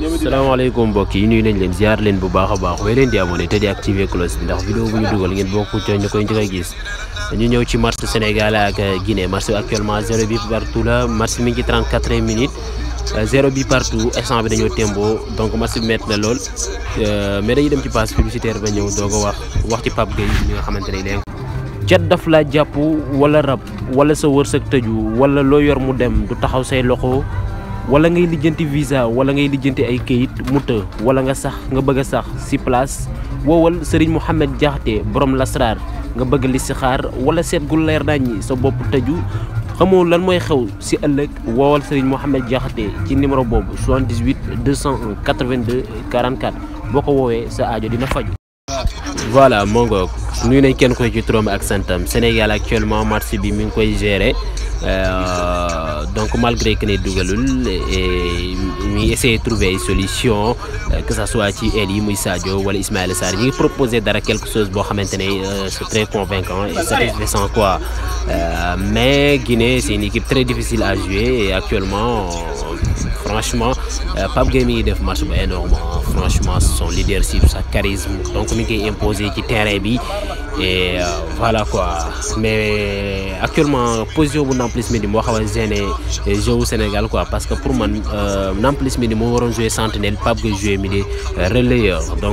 salaamaaleykum mbokk yi nuyu nañ leen ziar leen bu baax a baax way leen di abonné te di activer cloche bi ndax vidéo bu ñu dugal ngeen bokk ci ñu koy njëkk a gis dañu ñëw ci match Sénégal ak Guinée match actuellement zéro bi partout la match mi ngi ci 34 minutes euh, zéro bi partout instant donc match bi métti na lool euh, mais dañuy dem ci passe publicitaire ba ñëw doog a wax wax ci Pape Gueye mi nga xamante ne léegi. cat daf laa jàpp wala rab wala sa wër wërsëg tëju wala loo yor mu dem du taxaw say loxo. wala ngay lijeenti visa wala ngay lijeenti ay kayit muta wala nga sax nga bëgg sax si place wowal Serigne mohammed jaxté borom lasrar nga bëgg xaar wala set gu leer naññi sa bop taju xamoo lan moy xew si ëlëk wowal Serigne mohammed jaxté ci numéro boobu 78 201 82 44 boko wowe sa aajo dina faj voilà moo ngoog nuyu nañ kenn koy ci turam ak santam Sénégal actuellement marché bi mi ngi koy gérer. Euh, donc malgré que nous avons essayé de trouver une solution euh, que ça soit ci aile yi ou Ismaël wala Sarr ñi proposer dara quelque chose de xamantene euh, très convaincant et satisfaisant quoi euh, mais Guinée c'est une équipe très difficile à jouer et actuellement franchement Pape Gueye mi def match énorme franchement son leadership son charisme donc mi ngi imposé imposer ci terrain bi et voilà quoi mais actuellement position bu l'emplacement de moo xaw a gêné et je vous Sénégal quoi parce que pour moi euh, non plus plus moo waroon jouer sentinelle pas Gueye jouer milieu relayeur donc